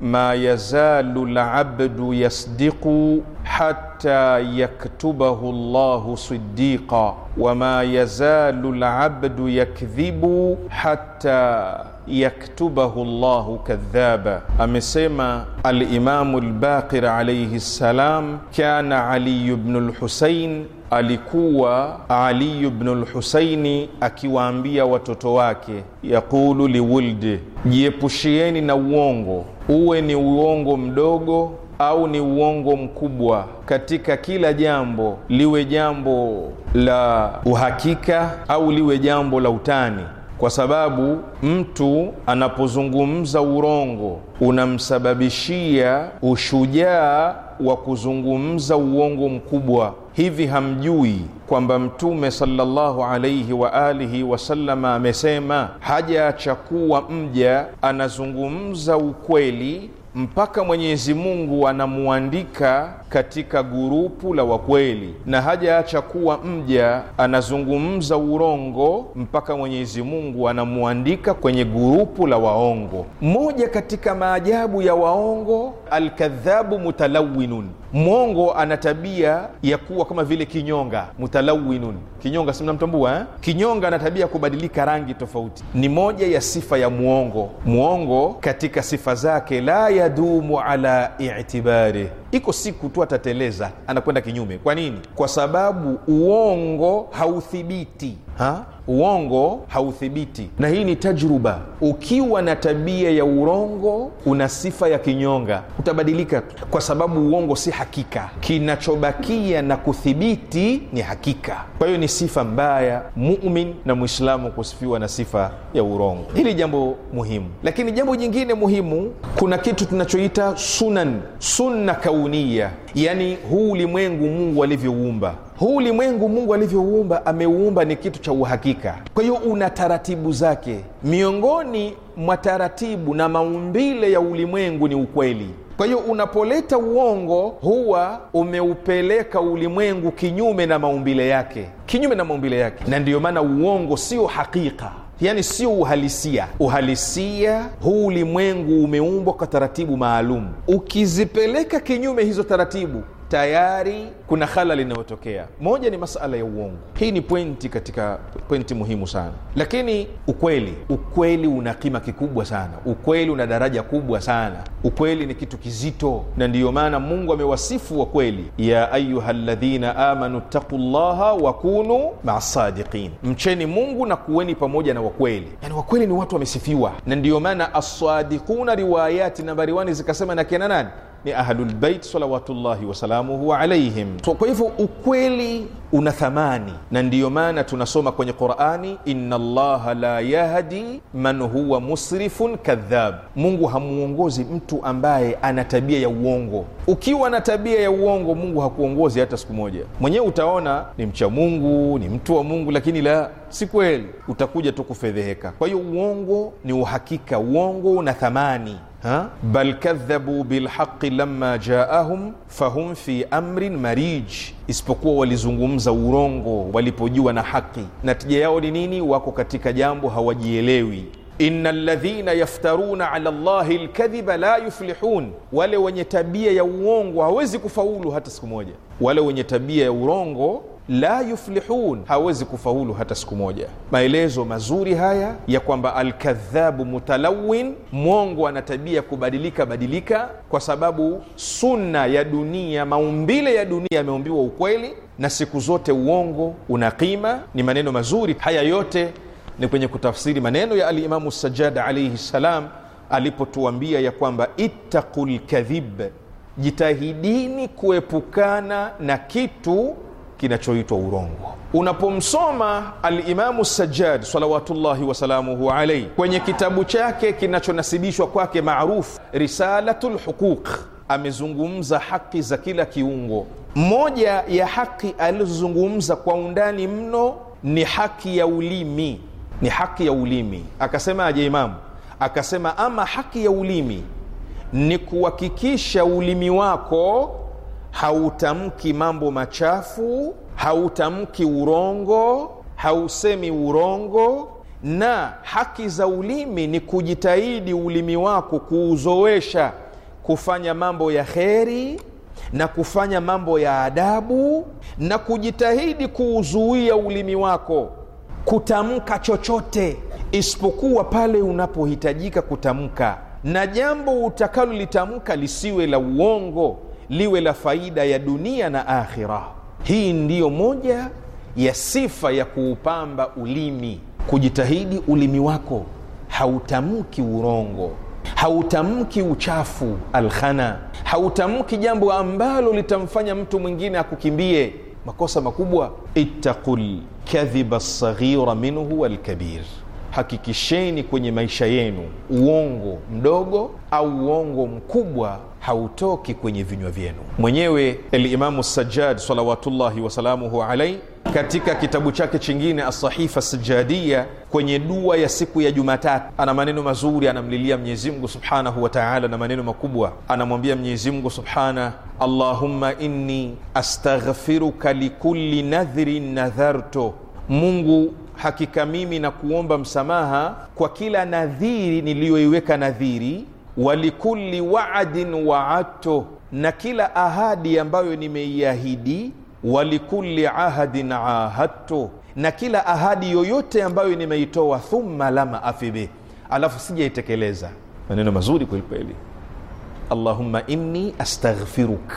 ma yazalu labdu yasdiqu hata yaktubahu llahu sidiqa wama yazalu labdu yakdhibu hata yaktubahu llahu kadhaba. Amesema Alimamu Lbaqir alaihi ssalam, kana Aliyu bnu Lhusain, alikuwa Aliyu bnu Lhusaini akiwaambia watoto wake, yaqulu liwuldi, jiepushieni na uongo uwe ni uongo mdogo au ni uongo mkubwa katika kila jambo, liwe jambo la uhakika au liwe jambo la utani, kwa sababu mtu anapozungumza urongo unamsababishia ushujaa wa kuzungumza uongo mkubwa. Hivi hamjui kwamba Mtume sallallahu alaihi wa alihi wasallama amesema, hajaacha kuwa mja anazungumza ukweli mpaka Mwenyezi Mungu anamuandika katika gurupu la wakweli, na hajaacha kuwa mja anazungumza urongo mpaka Mwenyezi Mungu anamwandika kwenye gurupu la waongo. Moja katika maajabu ya waongo, alkadhabu mutalawinun, mwongo ana tabia ya kuwa kama vile kinyonga. Mutalawinun, kinyonga, si mnamtambua eh? Kinyonga ana tabia ya kubadilika rangi tofauti, ni moja ya sifa ya mwongo. Mwongo katika sifa zake, la yadumu ala itibari iko siku tu atateleza, anakwenda kinyume. Kwa nini? Kwa sababu uongo hauthibiti ha? Uongo hauthibiti, na hii ni tajruba. Ukiwa na tabia ya urongo, una sifa ya kinyonga, utabadilika tu, kwa sababu uongo si hakika. Kinachobakia na kuthibiti ni hakika. Kwa hiyo ni sifa mbaya mumin na mwislamu kusifiwa na sifa ya urongo. Hili jambo muhimu, lakini jambo jingine muhimu, kuna kitu tunachoita sunan, sunna kaunia yani huu ulimwengu Mungu alivyoumba huu ulimwengu mungu alivyouumba ameuumba ni kitu cha uhakika kwa hiyo una taratibu zake miongoni mwa taratibu na maumbile ya ulimwengu ni ukweli kwa hiyo unapoleta uongo huwa umeupeleka ulimwengu kinyume na maumbile yake kinyume na maumbile yake na ndiyo maana uongo sio hakika yani sio uhalisia uhalisia huu ulimwengu umeumbwa kwa taratibu maalum ukizipeleka kinyume hizo taratibu tayari kuna halal inayotokea. Moja ni masala ya uongo. Hii ni pointi katika pointi muhimu sana, lakini ukweli, ukweli una kima kikubwa sana, ukweli una daraja kubwa sana, ukweli ni kitu kizito, na ndiyo maana Mungu amewasifu wa kweli, ya ayuha ladhina amanu ttaqu llaha wakunu maa sadiqin, mcheni Mungu na kuweni pamoja na wakweli. Yani wakweli ni watu wamesifiwa, na ndiyo maana asadiuna riwayati nambari 1 zikasema na kina nani ni ahlulbeit salawatullahi wasalamuhu alaihim. So, kwa hivyo ukweli una thamani, na ndiyo maana tunasoma kwenye Qurani, inna llaha la yahdi man huwa musrifun kadhab, Mungu hamuongozi mtu ambaye ana tabia ya uongo. Ukiwa na tabia ya uongo, Mungu hakuongozi hata siku moja. Mwenyewe utaona ni mcha Mungu, ni mtu wa Mungu, lakini la si kweli, utakuja tu kufedheheka. Kwa hiyo uongo ni uhakika, uongo una thamani ha? bal kadhabu bilhaqi lama jaahum fahum fi amrin marij, isipokuwa walizungumza urongo walipojua na haqi na tija yao ni nini? Wako katika jambo hawajielewi. Inna ladhina yaftaruna ala llahi lkadhiba la yuflihun, wale wenye tabia ya uongo hawezi kufaulu hata siku moja. Wale wenye tabia ya urongo la yuflihun, hawezi kufaulu hata siku moja. Maelezo mazuri haya ya kwamba alkadhabu mutalawin, mwongo ana tabia kubadilika badilika, kwa sababu sunna ya dunia, maumbile ya dunia yameumbiwa ukweli, na siku zote uongo una qima. Ni maneno mazuri haya yote ni kwenye kutafsiri maneno ya Alimamu Sajjad alaihi ssalam alipotuambia ya kwamba ittaqu lkadhib, jitahidini kuepukana na kitu kinachoitwa urongo. Unapomsoma Alimamu Sajjad salawatullahi wasalamuhu alaihi kwenye kitabu chake kinachonasibishwa kwake maarufu Risalatu lhuquq, amezungumza haki za kila kiungo. Moja ya haki alizozungumza kwa undani mno ni haki ya ulimi, ni haki ya ulimi. Akasemaje Imamu? Akasema ama haki ya ulimi ni kuhakikisha ulimi wako hautamki mambo machafu, hautamki urongo, hausemi urongo. Na haki za ulimi ni kujitahidi ulimi wako kuuzoesha kufanya mambo ya kheri na kufanya mambo ya adabu, na kujitahidi kuuzuia ulimi wako kutamka chochote isipokuwa pale unapohitajika kutamka, na jambo utakalolitamka lisiwe la uongo liwe la faida ya dunia na akhira. Hii ndiyo moja ya sifa ya kuupamba ulimi, kujitahidi ulimi wako hautamki urongo, hautamki uchafu alkhana, hautamki jambo ambalo litamfanya mtu mwingine akukimbie. Makosa makubwa. Ittaqul kadhiba lsaghira minhu walkabir, hakikisheni kwenye maisha yenu uongo mdogo au uongo mkubwa hautoki kwenye vinywa vyenu. Mwenyewe Alimamu Sajjad salawatullahi wasalamuhu alaihi katika kitabu chake chingine Asahifa Sajadia, kwenye dua ya siku ya Jumatatu, ana maneno mazuri, anamlilia Mwenyezi Mungu subhanahu wa taala na maneno makubwa, anamwambia Mwenyezi Mungu subhana, Allahumma inni astaghfiruka likulli nadhrin nadharto, Mungu hakika mimi na kuomba msamaha kwa kila nadhiri niliyoiweka nadhiri walikuli waadin waadto na kila ahadi ambayo nimeiahidi. walikuli ahadin ahadto na kila ahadi yoyote ambayo nimeitoa. Thumma lam afi alafu sijaitekeleza. Maneno mazuri kwelikweli. Allahumma inni astaghfiruk,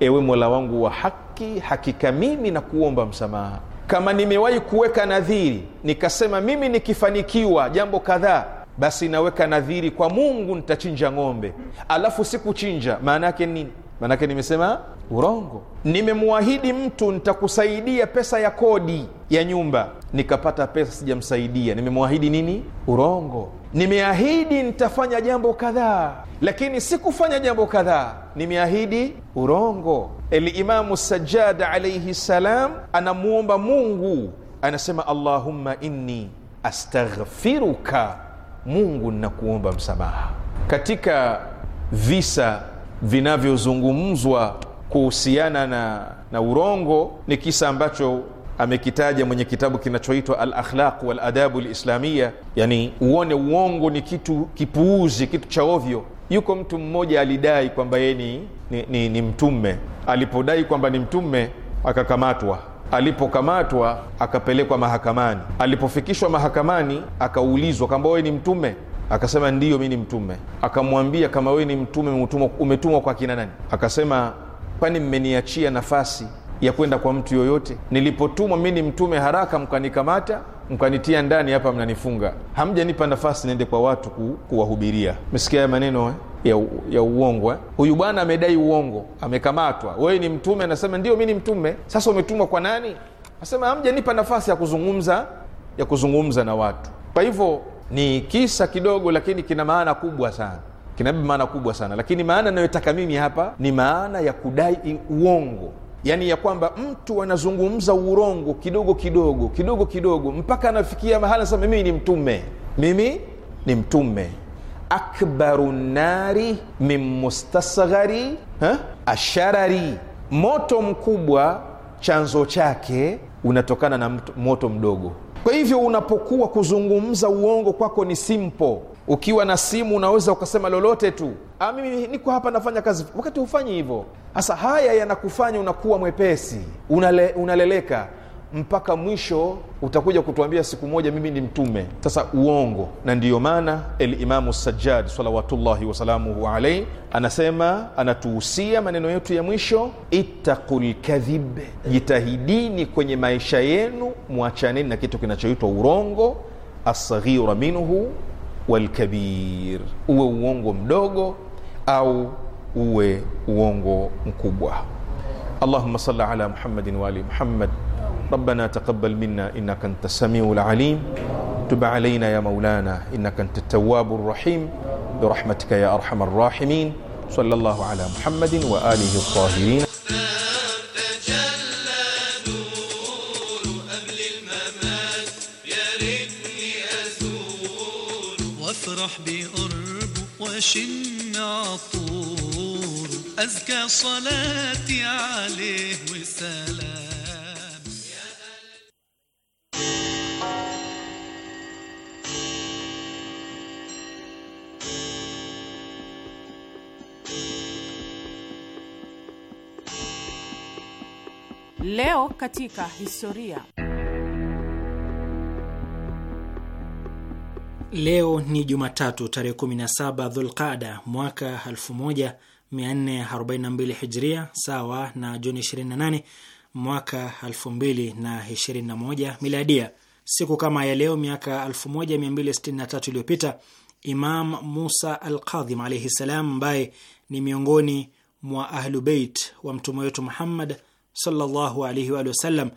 ewe mola wangu wa haki, hakika mimi na kuomba msamaha. Kama nimewahi kuweka nadhiri nikasema mimi nikifanikiwa jambo kadhaa basi naweka nadhiri kwa Mungu nitachinja ng'ombe, alafu sikuchinja, maana yake nini? Maana yake nimesema urongo. Nimemwahidi mtu nitakusaidia pesa ya kodi ya nyumba, nikapata pesa sijamsaidia, nimemwahidi nini? Urongo. Nimeahidi nitafanya jambo kadhaa, lakini sikufanya jambo kadhaa, nimeahidi urongo. Elimamu Sajjad alaihi ssalam anamwomba Mungu, anasema allahumma inni astaghfiruka Mungu ninakuomba msamaha. Katika visa vinavyozungumzwa kuhusiana na, na urongo ni kisa ambacho amekitaja mwenye kitabu kinachoitwa alakhlaq Waladabu Lislamia, yani uone uongo ni kitu kipuuzi, kitu cha ovyo. Yuko mtu mmoja alidai kwamba yeye ni, ni, ni, ni mtume. Alipodai kwamba ni mtume akakamatwa Alipokamatwa akapelekwa mahakamani. Alipofikishwa mahakamani, akaulizwa kwamba wewe ni mtume Akasema ndiyo, mi ni mtume. Akamwambia, kama wewe ni mtume, umetumwa kwa kina nani? Akasema, kwani mmeniachia nafasi ya kwenda kwa mtu yoyote? Nilipotumwa mi ni mtume, haraka mkanikamata mkanitia ndani, hapa mnanifunga, hamjanipa nafasi niende kwa watu ku, kuwahubiria. Mesikia haya maneno eh? ya, ya uongo eh? Huyu bwana amedai uongo, amekamatwa. Wewe ni mtume? Anasema ndio, mi ni mtume. Sasa umetumwa kwa nani? Anasema hamjanipa nafasi ya kuzungumza ya kuzungumza na watu. Kwa hivyo ni kisa kidogo, lakini kina maana kubwa sana, kinabeba maana kubwa sana, lakini maana nayotaka mimi hapa ni maana ya kudai uongo yaani ya kwamba mtu anazungumza urongo kidogo kidogo kidogo kidogo mpaka anafikia mahala sema mimi ni mtume, mimi ni mtume akbaru nnari min mustasghari asharari, moto mkubwa chanzo chake unatokana na moto mdogo. Kwa hivyo unapokuwa kuzungumza uongo kwako ni simple. Ukiwa na simu unaweza ukasema lolote tu, ah, mimi niko hapa nafanya kazi, wakati hufanyi hivyo. Hasa haya yanakufanya unakuwa mwepesi, unale, unaleleka mpaka mwisho utakuja kutuambia siku moja mimi ni mtume sasa uongo na ndiyo maana elimamu sajad salawatullahi wasalamuhu alaihi anasema anatuhusia maneno yetu ya mwisho ittaqu lkadhib jitahidini kwenye maisha yenu mwachaneni na kitu kinachoitwa urongo asghira minhu walkabir uwe uongo mdogo au uwe uongo mkubwa allahuma sali ala muhammadin waali muhammad ربنا تقبل منا انك انت السميع العليم تب علينا يا مولانا انك انت التواب الرحيم برحمتك يا ارحم الراحمين صلى الله على محمد واله الطاهرين وافرح عطور أزكى صلاتي عليه وسلام Leo katika historia. Leo ni Jumatatu tarehe 17 Dhulqada mwaka 1442 Hijria, sawa na Juni 28 mwaka 2021 Miladia. Siku kama ya leo miaka 1263 iliyopita Imam Musa al Alqadhim alaihi ssalam, ambaye ni miongoni mwa Ahlubeit wa mtume wetu Muhammad sallallahu alaihi wa sallam,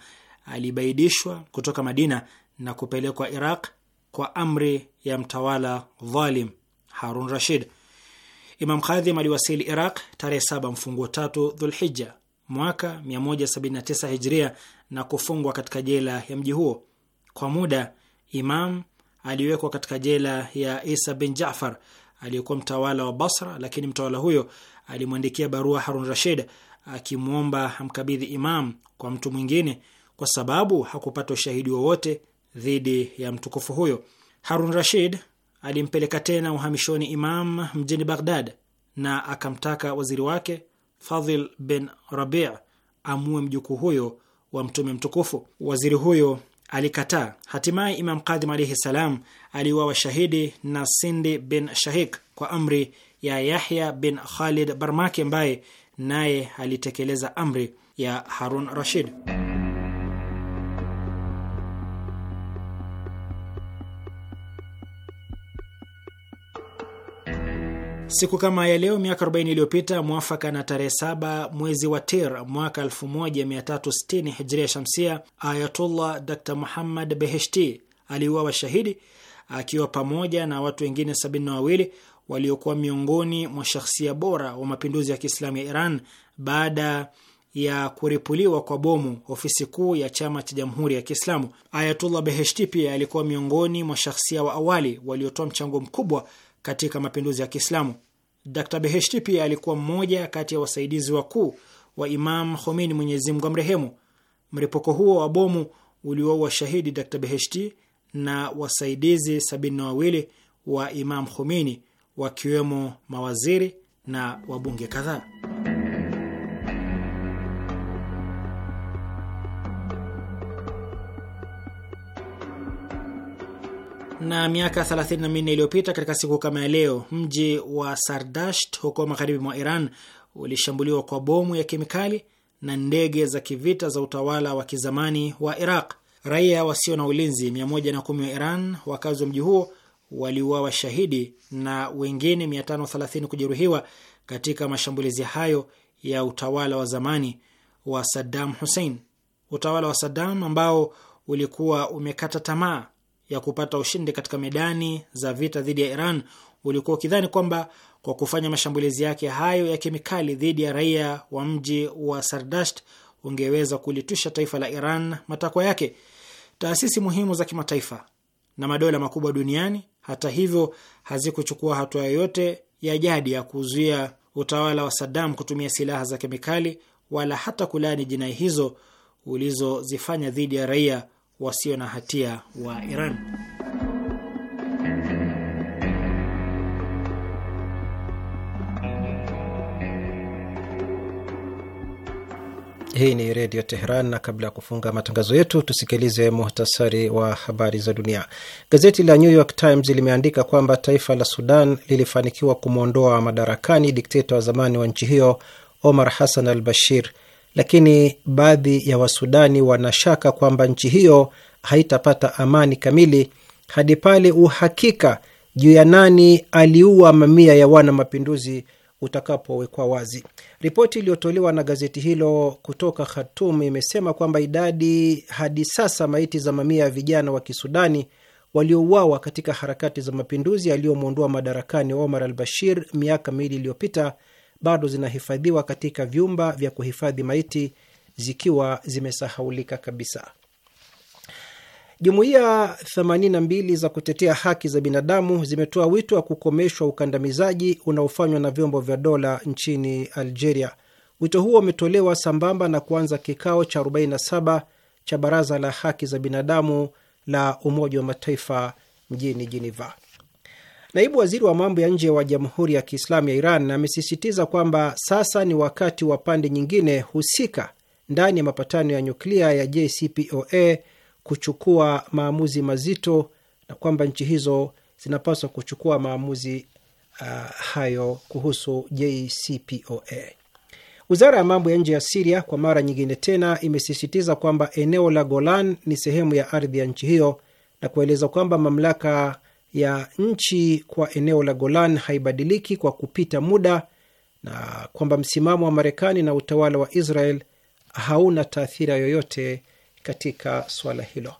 alibaidishwa kutoka Madina na kupelekwa Iraq kwa amri ya mtawala dhalim Harun Rashid. Imam Kadhim aliwasili Iraq tarehe 7 mfunguo tatu Dhulhija mwaka 179 Hijria na kufungwa katika jela ya mji huo. Kwa muda Imam aliwekwa katika jela ya Isa bin Jafar aliyekuwa mtawala wa Basra, lakini mtawala huyo alimwandikia barua Harun Rashid akimwomba amkabidhi Imam kwa mtu mwingine kwa sababu hakupata ushahidi wowote dhidi ya mtukufu huyo. Harun Rashid alimpeleka tena uhamishoni Imam mjini Baghdad na akamtaka waziri wake Fadhil bin Rabi amue mjukuu huyo wa mtume mtukufu. Waziri huyo alikataa. Hatimaye Imam Kadhim alaihi salam aliuawa shahidi na Sindi bin Shahik kwa amri ya Yahya bin Khalid Barmaki ambaye naye alitekeleza amri ya Harun Rashid. Siku kama ya leo miaka 40 iliyopita mwafaka na tarehe 7 mwezi wa Tir mwaka 1360 hijria shamsia, Ayatullah Dr Muhammad Beheshti aliuawa shahidi akiwa pamoja na watu wengine sabini na wawili waliokuwa miongoni mwa shakhsia bora wa mapinduzi ya Kiislamu ya Iran baada ya kuripuliwa kwa bomu ofisi kuu ya chama cha jamhuri ya Kiislamu. Ayatullah Beheshti pia alikuwa miongoni mwa shakhsia wa awali waliotoa mchango mkubwa katika mapinduzi ya Kiislamu. Dr Beheshti pia alikuwa mmoja kati ya wasaidizi wakuu wa Imam Khomeini, Mwenyezi Mungu amrehemu. Mlipuko huo wa bomu ulioua shahidi Dr Beheshti na wasaidizi sabini na wawili wa Imam Khomeini, wakiwemo mawaziri na wabunge kadhaa. na miaka 34 iliyopita katika siku kama ya leo, mji wa Sardasht huko magharibi mwa Iran ulishambuliwa kwa bomu ya kemikali na ndege za kivita za utawala wa kizamani wa Iraq. Raia wasio na ulinzi 110 wa Iran, wakazi wa mji huo, waliuawa shahidi na wengine 530 kujeruhiwa katika mashambulizi hayo ya utawala wa zamani wa Saddam Hussein. Utawala wa Saddam ambao ulikuwa umekata tamaa ya kupata ushindi katika medani za vita dhidi ya Iran ulikuwa ukidhani kwamba kwa kufanya mashambulizi yake hayo ya kemikali dhidi ya raia wa mji wa Sardasht ungeweza kulitusha taifa la Iran matakwa yake. Taasisi muhimu za kimataifa na madola makubwa duniani, hata hivyo, hazikuchukua hatua yoyote ya jadi ya kuzuia utawala wa Saddam kutumia silaha za kemikali wala hata kulaani jinai hizo ulizozifanya dhidi ya raia wasio na hatia wa Iran. Hii ni Redio Teheran, na kabla ya kufunga matangazo yetu tusikilize muhtasari wa habari za dunia. Gazeti la New York Times limeandika kwamba taifa la Sudan lilifanikiwa kumwondoa madarakani dikteta wa zamani wa nchi hiyo Omar Hassan al Bashir lakini baadhi ya Wasudani wanashaka kwamba nchi hiyo haitapata amani kamili hadi pale uhakika juu ya nani aliua mamia ya wana mapinduzi utakapowekwa wazi. Ripoti iliyotolewa na gazeti hilo kutoka khatum imesema kwamba idadi hadi sasa maiti za mamia ya vijana wa Kisudani waliouawa katika harakati za mapinduzi yaliyomwondoa madarakani Omar al Bashir miaka miwili iliyopita bado zinahifadhiwa katika vyumba vya kuhifadhi maiti zikiwa zimesahaulika kabisa. Jumuiya 82 za kutetea haki za binadamu zimetoa wito wa kukomeshwa ukandamizaji unaofanywa na vyombo vya dola nchini Algeria. Wito huo umetolewa sambamba na kuanza kikao cha 47 cha Baraza la Haki za Binadamu la Umoja wa Mataifa mjini Jeneva. Naibu waziri wa mambo ya nje wa Jamhuri ya Kiislamu ya Iran amesisitiza kwamba sasa ni wakati wa pande nyingine husika ndani ya mapatano ya nyuklia ya JCPOA kuchukua maamuzi mazito na kwamba nchi hizo zinapaswa kuchukua maamuzi uh, hayo kuhusu JCPOA. Wizara ya mambo ya nje ya Siria kwa mara nyingine tena imesisitiza kwamba eneo la Golan ni sehemu ya ardhi ya nchi hiyo na kueleza kwamba mamlaka ya nchi kwa eneo la Golan haibadiliki kwa kupita muda na kwamba msimamo wa Marekani na utawala wa Israel hauna taathira yoyote katika suala hilo.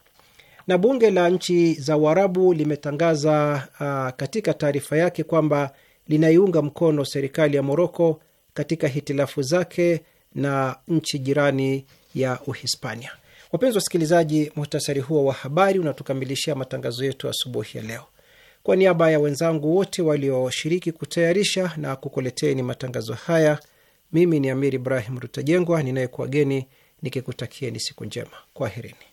Na bunge la nchi za Uarabu limetangaza uh, katika taarifa yake kwamba linaiunga mkono serikali ya Moroko katika hitilafu zake na nchi jirani ya Uhispania. Wapenzi wasikilizaji, muhtasari huo wa habari unatukamilishia matangazo yetu asubuhi ya leo. Kwa niaba ya wenzangu wote walioshiriki kutayarisha na kukuleteni matangazo haya, mimi ni Amir Ibrahim Rutajengwa ninayekuwageni nikikutakieni siku njema. Kwaherini.